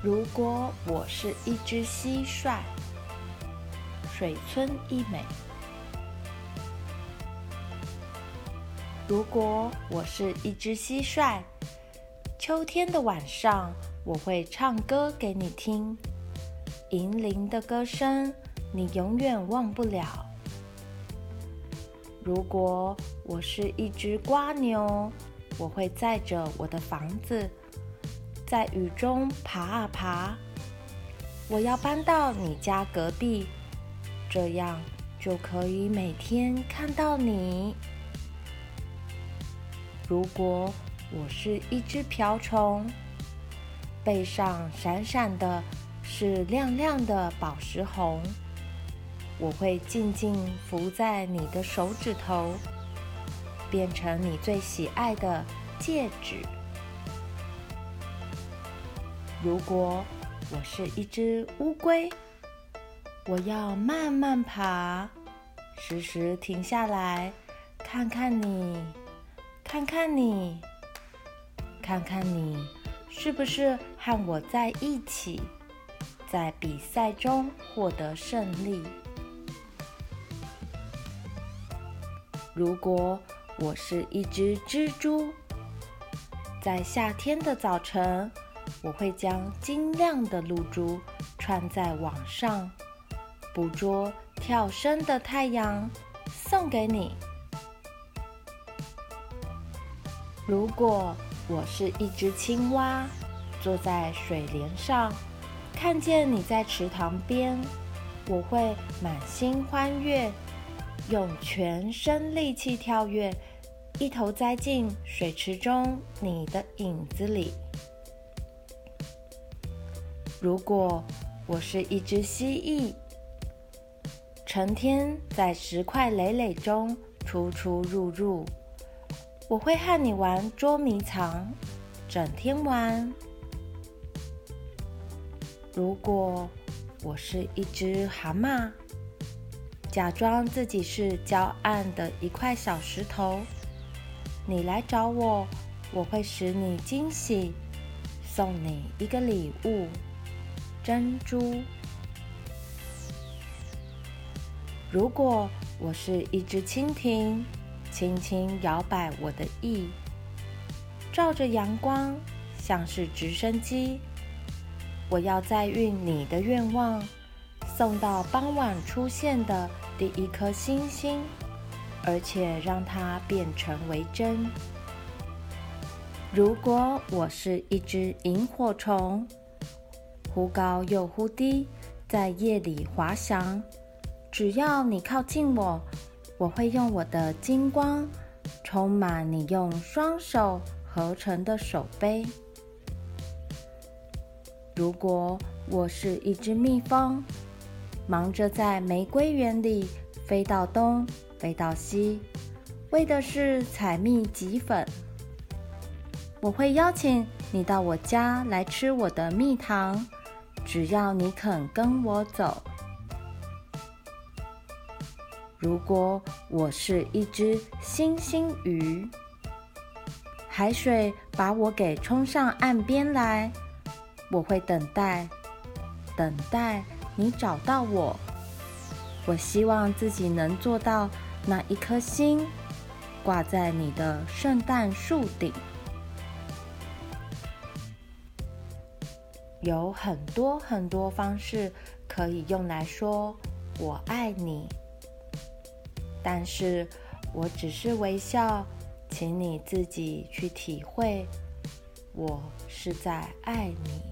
如果我是一隻蟋蟀，水村一美。如果我是一隻蟋蟀，秋天的晚上，我會唱歌給你聽，銀鈴的歌聲，你永遠忘不了。如果我是一隻蝸牛，我會載着我的房子。在雨中爬啊爬，我要搬到你家隔壁，這樣就可以每天看到你。如果我是一隻瓢蟲，背上閃閃的是亮亮的寶石紅，我會靜靜伏在你的手指頭，變成你最喜愛的戒指。如果我是一隻烏龜，我要慢慢爬，時時停下來，看看你，看看你，看看你是不是和我在一起，在比賽中獲得勝利。如果我是一隻蜘蛛，在夏天的早晨。我會將晶亮的露珠串在網上，捕捉跳升的太陽，送給你。如果我是一隻青蛙，坐在水蓮上，看見你在池塘邊，我會滿心歡悅，用全身力氣跳躍，一頭栽進水池中，你的影子裡。如果我是一隻蜥蜴，成天在石塊磊磊中，出出入入，我會和你玩捉迷藏，整天玩。如果我是一隻蛤蠣，假裝自己是礁岸的一塊小石頭，你來找我，我會使你驚喜，送你一個禮物。珍珠。如果我是一隻蜻蜓，輕輕搖擺我的翼，照着陽光，像是直升機，我要載運你的願望，送到傍晚出現的第一顆星星，而且讓它變成為真。如果我是一隻螢火蟲。忽高又忽低，在夜裡滑翔。只要你靠近我，我會用我的金光充滿你用雙手合成的手杯。如果我是一隻蜜蜂，忙着在玫瑰園裡飛到東，飛到西，為的是採蜜集粉。我會邀請你到我家來吃我的蜜糖。只要你肯跟我走。如果我是一隻星星魚，海水把我給沖上岸邊來，我會等待，等待你找到我。我希望自己能做到那一顆星，掛在你的聖誕樹頂。有很多很多方式可以用來說“我愛你”，但是我只是微笑，請你自己去體會，我是在愛你。